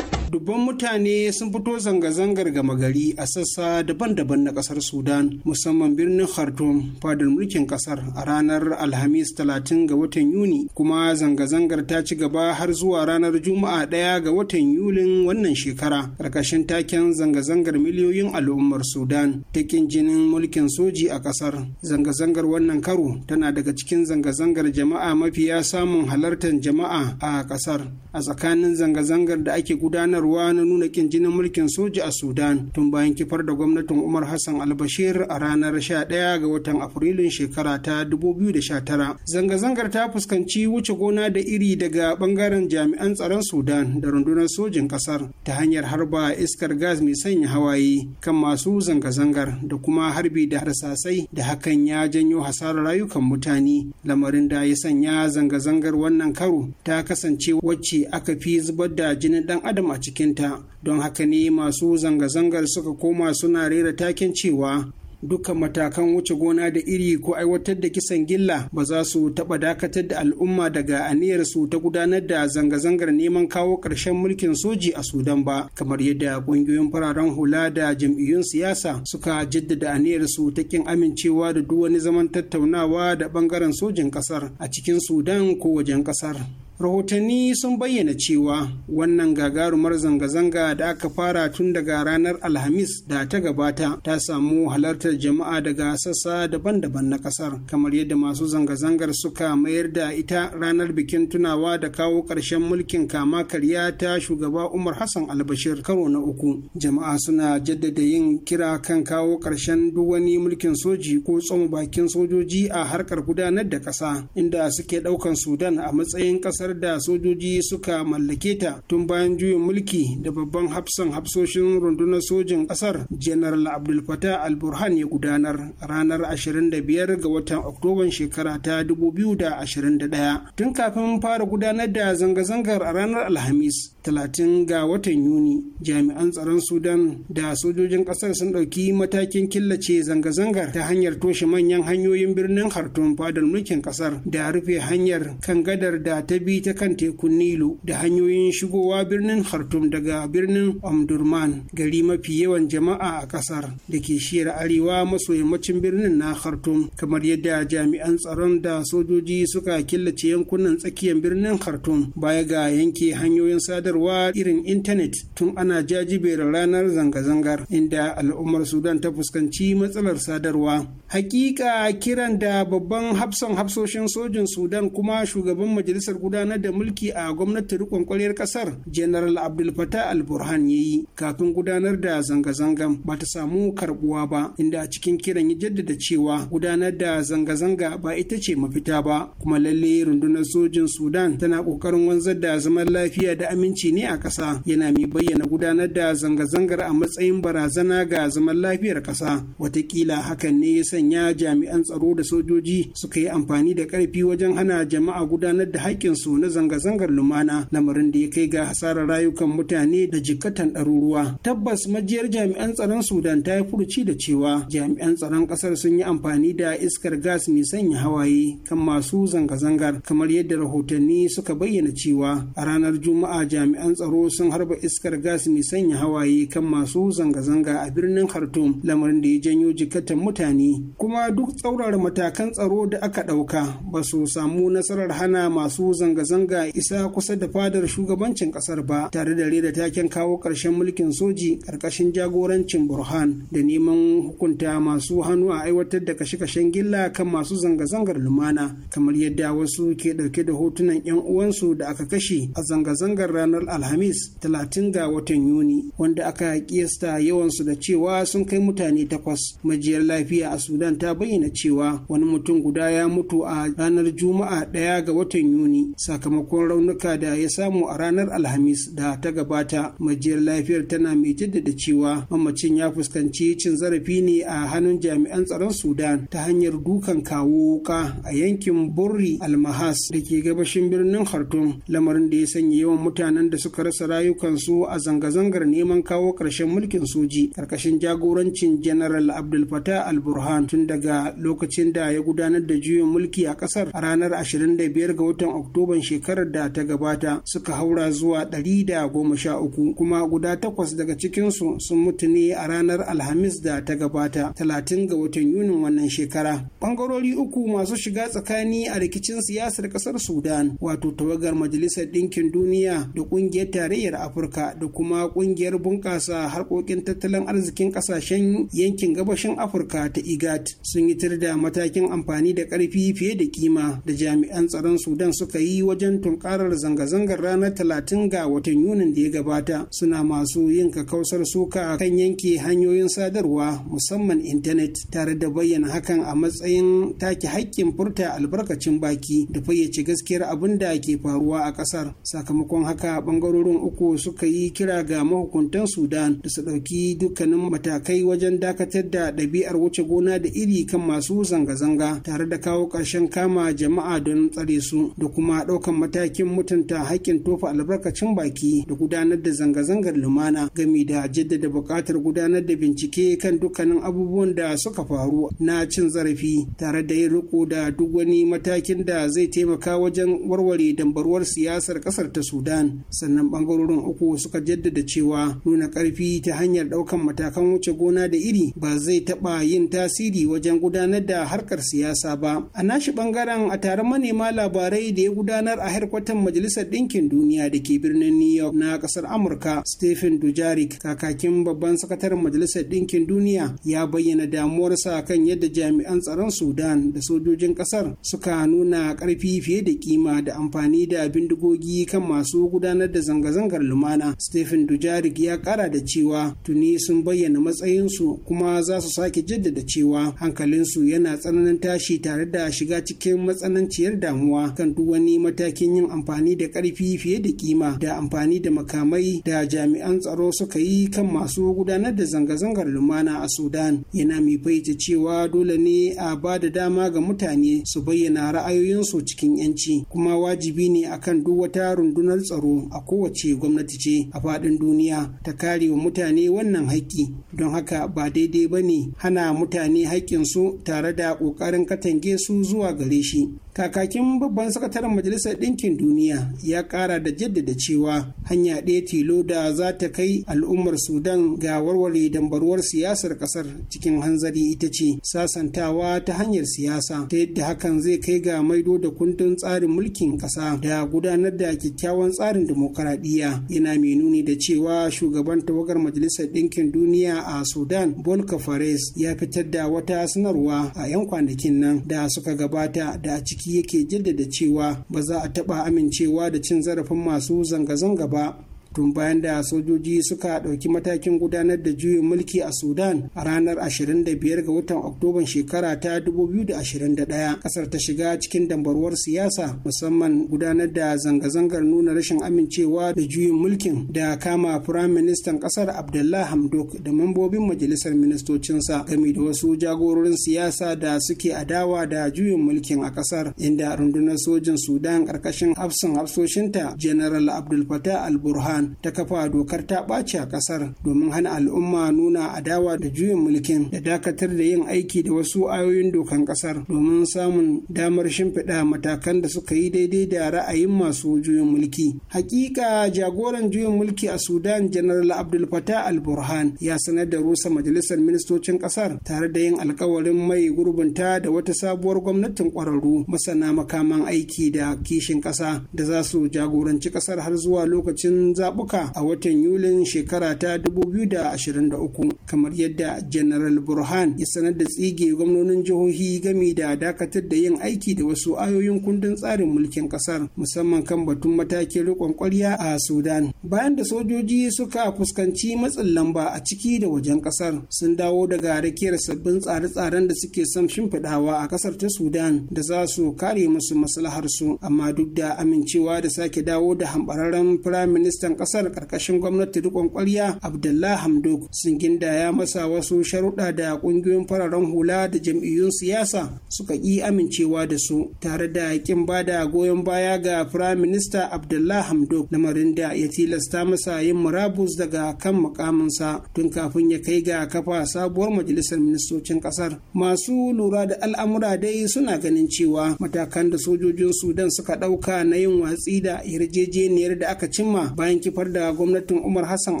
dubban mutane sun fito zanga-zangar gama gari a sassa daban-daban na kasar sudan musamman birnin khartoum fadar mulkin kasar a ranar alhamis 30 ga watan yuni kuma zanga-zangar ta ci gaba har zuwa ranar juma'a ɗaya ga watan yulin wannan shekara karkashin taken zanga-zangar miliyoyin al'ummar sudan ta jinin mulkin soji a kasar zanga-zangar wannan karo tana daga cikin zanga-zangar jama'a mafiya samun halartar jama'a a kasar a tsakanin zanga-zangar da ake gudanar ruwa na nuna kin jinin mulkin soja a Sudan tun bayan kifar da gwamnatin Umar Hassan al a ranar 11 ga watan Afrilun shekara ta 2019. Zanga-zangar ta fuskanci wuce gona da iri daga bangaren jami'an tsaron Sudan da rundunar sojin kasar ta hanyar harba iskar gas mai sanya hawaye kan masu zanga-zangar da kuma harbi da harsasai da hakan ya janyo hasarar rayukan mutane lamarin da ya sanya zanga-zangar wannan karo ta kasance wacce aka fi zubar da jinin dan adam a ciki. jikinta don haka ne masu zanga-zangar suka koma suna rera taken cewa duka matakan wuce gona da iri ko aiwatar da kisan gilla ba za su taɓa dakatar da al'umma daga aniyarsu ta gudanar da zanga-zangar neman kawo ƙarshen mulkin soji a sudan ba kamar yadda ƙungiyoyin fararen hula da jam'iyyun siyasa suka jaddada aniyarsu ta kin amincewa da duk wani zaman tattaunawa da ɓangaren sojin ƙasar a cikin sudan ko wajen ƙasar rahotanni sun bayyana cewa wannan gagarumar zanga-zanga da aka fara tun daga ranar alhamis da ta gabata ta samu halartar jama'a daga sassa daban-daban na kasar kamar yadda masu zanga-zangar suka mayar da ita ranar bikin tunawa da kawo ƙarshen mulkin kama karya ta shugaba umar hassan albashir karo na uku jama'a suna jaddada yin kira kan kawo ƙarshen duk wani mulkin soji ko tsoma bakin sojoji a harkar gudanar da ƙasa inda suke ɗaukan sudan a matsayin ƙasar kasar da sojoji suka mallake ta tun bayan juyin mulki da babban hafsan hafsoshin rundunar sojin ƙasar general abdul fatah al-burhan ya gudanar ranar 25 ga watan oktoban shekara ta 2021 tun kafin fara gudanar da zanga-zangar a ranar alhamis Talatin ga watan Yuni jami'an tsaron Sudan da sojojin ƙasar sun ɗauki matakin killace zanga-zangar ta hanyar toshe manyan hanyoyin birnin hartun fadar mulkin ƙasar da rufe hanyar kan gadar da ta bi ta kan tekun Nilu da hanyoyin shigowa birnin hartun daga birnin Omdurman gari mafi yawan jama'a a ƙasar da ke shiyar arewa maso yammacin birnin na hartun, kamar yadda jami'an tsaron da sojoji suka killace yankunan tsakiyar birnin hartun, baya ga yanke hanyoyin sadarwa sadarwa irin intanet tun ana jajibera ranar zanga-zangar inda al'ummar sudan ta fuskanci matsalar sadarwa hakika kiran da babban hafsan hafsoshin sojin sudan kuma shugaban majalisar gudanar da mulki a gwamnatin rikon kwaryar kasar general abdul fatah al-burhan ya yi kafin gudanar da zanga-zangan ba ta samu karbuwa ba inda a cikin kiran ya jaddada cewa gudanar da zanga-zanga ba ita ce mafita ba kuma lalle rundunar sojin sudan tana kokarin wanzar da zaman lafiya da aminci ta'addanci ne a ƙasa yana mai bayyana gudanar da zanga-zangar a matsayin barazana ga zaman lafiyar ƙasa watakila hakan ne ya sanya jami'an tsaro da sojoji suka yi amfani da ƙarfi wajen hana jama'a gudanar da haƙƙinsu na zanga-zangar lumana lamarin da ya kai ga hasarar rayukan mutane da jikkatan ɗaruruwa tabbas majiyar jami'an tsaron sudan ta yi furuci da cewa jami'an tsaron ƙasar sun yi amfani da iskar gas mai sanya hawaye kan masu zanga-zangar kamar yadda rahotanni suka bayyana cewa a ranar juma'a jami'an jami'an tsaro sun harba iskar gas mai sanya hawaye kan masu zanga-zanga a birnin khartoum lamarin da ya janyo jikatan mutane kuma duk tsaurara matakan tsaro da aka ɗauka ba su samu nasarar hana masu zanga-zanga isa kusa da fadar shugabancin ƙasar ba tare da reda taken kawo ƙarshen mulkin soji ƙarƙashin jagorancin burhan da neman hukunta masu hannu a aiwatar da kashe-kashen gilla kan masu zanga-zangar lumana kamar yadda wasu ke ɗauke da hotunan 'yan uwansu da aka kashe a zanga-zangar ranar ranar alhamis 30 ga watan yuni wanda aka kiyasta yawansu da cewa sun kai mutane takwas majiyar lafiya a sudan ta bayyana cewa wani mutum guda ya mutu a ranar juma'a ɗaya ga watan yuni sakamakon raunuka da ya samu a ranar alhamis da ta gabata majiyar lafiyar tana mai jaddada cewa mamacin ya fuskanci cin zarafi ne a hannun jami'an tsaron sudan ta hanyar dukan kawo wuka a yankin burri almahas da ke gabashin birnin khartoum lamarin da ya sanya yawan mutanen waɗanda suka rasa rayukansu a zanga-zangar neman kawo ƙarshen mulkin soji ƙarƙashin jagorancin General Abdul Fattah al-Burhan tun daga lokacin da ya gudanar da juyin mulki a ƙasar a ranar 25 ga watan Oktoban shekarar da ta gabata suka haura zuwa 113 kuma guda takwas daga cikinsu sun mutu ne a ranar Alhamis da ta gabata 30 ga watan Yunin wannan shekara. Ɓangarori uku masu shiga tsakani a rikicin siyasar ƙasar Sudan wato tawagar Majalisar Ɗinkin Duniya da ƙungiyar tarayyar afirka da kuma ƙungiyar bunƙasa harkokin tattalin arzikin ƙasashen yankin gabashin afirka ta igat sun yi da matakin amfani da ƙarfi fiye da kima da jami'an tsaron sudan suka yi wajen tunkarar zanga-zangar ranar talatin ga watan yunin da ya gabata suna masu yin kakausar suka kan yanke hanyoyin sadarwa musamman intanet tare da bayyana hakan a matsayin take haƙƙin furta albarkacin baki da fayyace gaskiyar abin da ke faruwa a ƙasar sakamakon haka bangarorin uku suka yi kira ga mahukuntan sudan da su ɗauki dukkanin matakai wajen dakatar da ɗabi'ar wuce gona da iri kan masu zanga-zanga tare da kawo ƙarshen kama jama'a don tsare su da kuma ɗaukan matakin mutunta haƙƙin tofa albarkacin baki da gudanar da zanga-zangar lumana gami da jaddada buƙatar gudanar da bincike kan dukkanin abubuwan da suka faru na cin zarafi tare da yin riko da duk wani matakin da zai taimaka wajen warware dambarwar siyasar ƙasar ta sudan sannan bangarorin uku suka jaddada cewa nuna karfi ta hanyar daukan matakan wuce gona da iri ba zai taba yin tasiri wajen gudanar da harkar siyasa ba a nashi bangaren a taron manema labarai da ya gudanar a harkwatan majalisar ɗinkin duniya da ke birnin new york na ƙasar amurka stephen dujarik kakakin babban sakataren majalisar ɗinkin duniya ya bayyana damuwarsa kan yadda jami'an tsaron sudan da sojojin ƙasar suka nuna karfi fiye da kima da amfani da bindigogi kan masu gudanar gudanar da zanga-zangar lumana stephen dujarik ya kara da cewa tuni sun bayyana matsayinsu kuma za su sake jaddada cewa hankalinsu yana tsananin tashi tare da shiga cikin matsananciyar damuwa kan duk wani matakin yin amfani da karfi fiye da kima da amfani da makamai da jami'an tsaro suka yi kan masu gudanar da zanga-zangar lumana a sudan yana mai fahimta cewa dole ne a ba da dama ga mutane su bayyana ra'ayoyinsu cikin 'yanci kuma wajibi ne akan duk wata rundunar tsaro a kowace gwamnati ce a faɗin duniya ta kare wa mutane wannan haƙƙi don haka ba daidai ba ne hana mutane haƙƙinsu tare da ƙoƙarin katange su zuwa gare shi kakakin babban sakataren majalisar ɗinkin duniya ya ƙara da jaddada cewa hanya ɗaya tilo da za ta kai al'ummar sudan ga warware dambaruwar siyasar ƙasar cikin hanzari ita ce sasantawa ta hanyar siyasa ta yadda hakan zai kai ga maido da kundin tsarin mulkin ƙasa da gudanar da kyakkyawan tsarin dimokuraɗiyya yana mai nuni da cewa shugaban tawagar majalisar ɗinkin duniya a sudan bolka fares ya fitar da wata sanarwa a 'yan kwanakin nan da suka gabata da a ciki yake jaddada cewa ba za a taɓa amincewa da cin zarafin masu zanga-zanga ba tun bayan da sojoji suka ɗauki matakin gudanar da juyin mulki a sudan a ranar 25 ga watan oktoban shekara ta 2021 kasar ta shiga cikin dambarwar siyasa musamman gudanar da zanga-zangar nuna rashin amincewa da juyin mulkin da kama firayim ministan kasar abdullah hamdok da mambobin majalisar ministocinsa game da wasu jagororin siyasa da suke adawa da juyin mulkin a kasar inda rundunar sojin sudan ƙarƙashin hafsin hafsoshinta general abdul fatah al-burhan ta kafa dokar ta ɓaci a ƙasar domin hana al'umma nuna adawa da juyin mulkin da dakatar da yin aiki da wasu ayoyin dokan ƙasar domin samun damar shimfiɗa matakan da suka yi daidai da ra'ayin masu juyin mulki haƙiƙa jagoran juyin mulki a sudan janaral abdul fattah al burhan ya sanar da rusa majalisar ministocin ƙasar tare da yin alkawarin mai gurbinta da wata sabuwar gwamnatin ƙwararru masana makaman aiki da kishin ƙasa da za su jagoranci ƙasar har zuwa lokacin za zaɓuka a watan Yulin shekara ta 2023 kamar yadda General Burhan ya sanar da tsige gwamnonin jihohi gami da dakatar da yin aiki da wasu ayoyin kundin tsarin mulkin kasar musamman kan batun matakin riƙon ƙwarya a Sudan. Bayan da sojoji suka fuskanci matsin lamba a ciki da wajen kasar sun dawo daga rakiyar sabbin tsare-tsaren da suke son shimfiɗawa a kasar ta Sudan da za su kare musu maslahar su amma duk da amincewa da sake dawo da hambararren firaministan kasar karkashin gwamnati rikon kwarya Abdullahi hamdok sun ya masa wasu sharuɗa da ƙungiyoyin fararen hula da jam'iyyun siyasa suka ƙi amincewa da su tare da ƙin ba da goyon baya ga firayim minista Abdullahi hamdok lamarin da ya tilasta masa yin murabus daga kan mukaminsa tun kafin ya kai ga kafa sabuwar majalisar ministocin kasar masu lura da al'amura dai suna ganin cewa matakan da sojojin sudan suka ɗauka na yin watsi da yarjejeniyar da aka cimma bayan kifar da gwamnatin Umar Hassan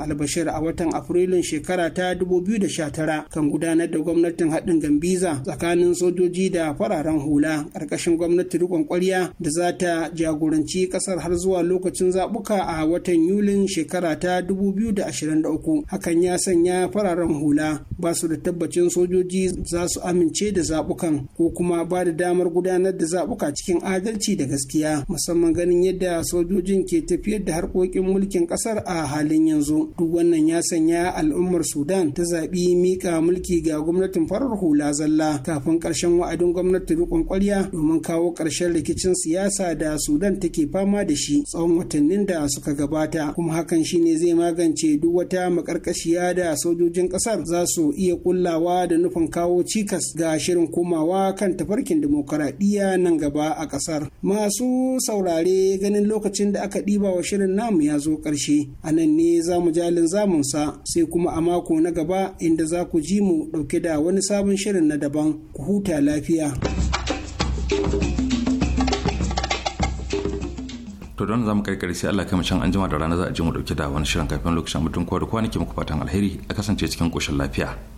Albashir a watan Afrilun shekara ta 2019 kan gudanar da gwamnatin haɗin Gambiza tsakanin sojoji da fararen hula ƙarƙashin gwamnati riƙon ƙwarya da za ta jagoranci ƙasar har zuwa lokacin zaɓuka a watan Yulin shekara ta 2023. Hakan ya sanya fararen hula ba su da tabbacin sojoji za su amince da zaɓukan ko kuma ba da damar gudanar da zaɓuka cikin adalci da gaskiya musamman ganin yadda sojojin ke tafiyar da harkokin mulki mulkin kasar a halin yanzu duk wannan ya sanya al'ummar sudan ta zaɓi mika mulki ga gwamnatin farar hula zalla kafin ƙarshen wa'adin gwamnati rikon kwarya domin kawo ƙarshen rikicin siyasa da sudan take fama da shi tsawon watannin da suka gabata kuma hakan shine zai magance duk wata makarkashiya da sojojin ƙasar za su iya kullawa da nufin kawo cikas ga shirin komawa kan tafarkin dimokuraɗiyya nan gaba a ƙasar masu saurare ganin lokacin da aka ɗiba wa shirin namu ya zo ƙarshe a nan ne za mu jalin zamunsa sai kuma a mako na gaba inda za ku ji mu ɗauke da wani sabon shirin na daban ku huta lafiya. to don za mu kai karshe Allah kai can an jima da rana za a ji mu dauke da wani shirin kafin lokacin mutum kwa da kwanaki muku fatan alheri a kasance cikin koshin lafiya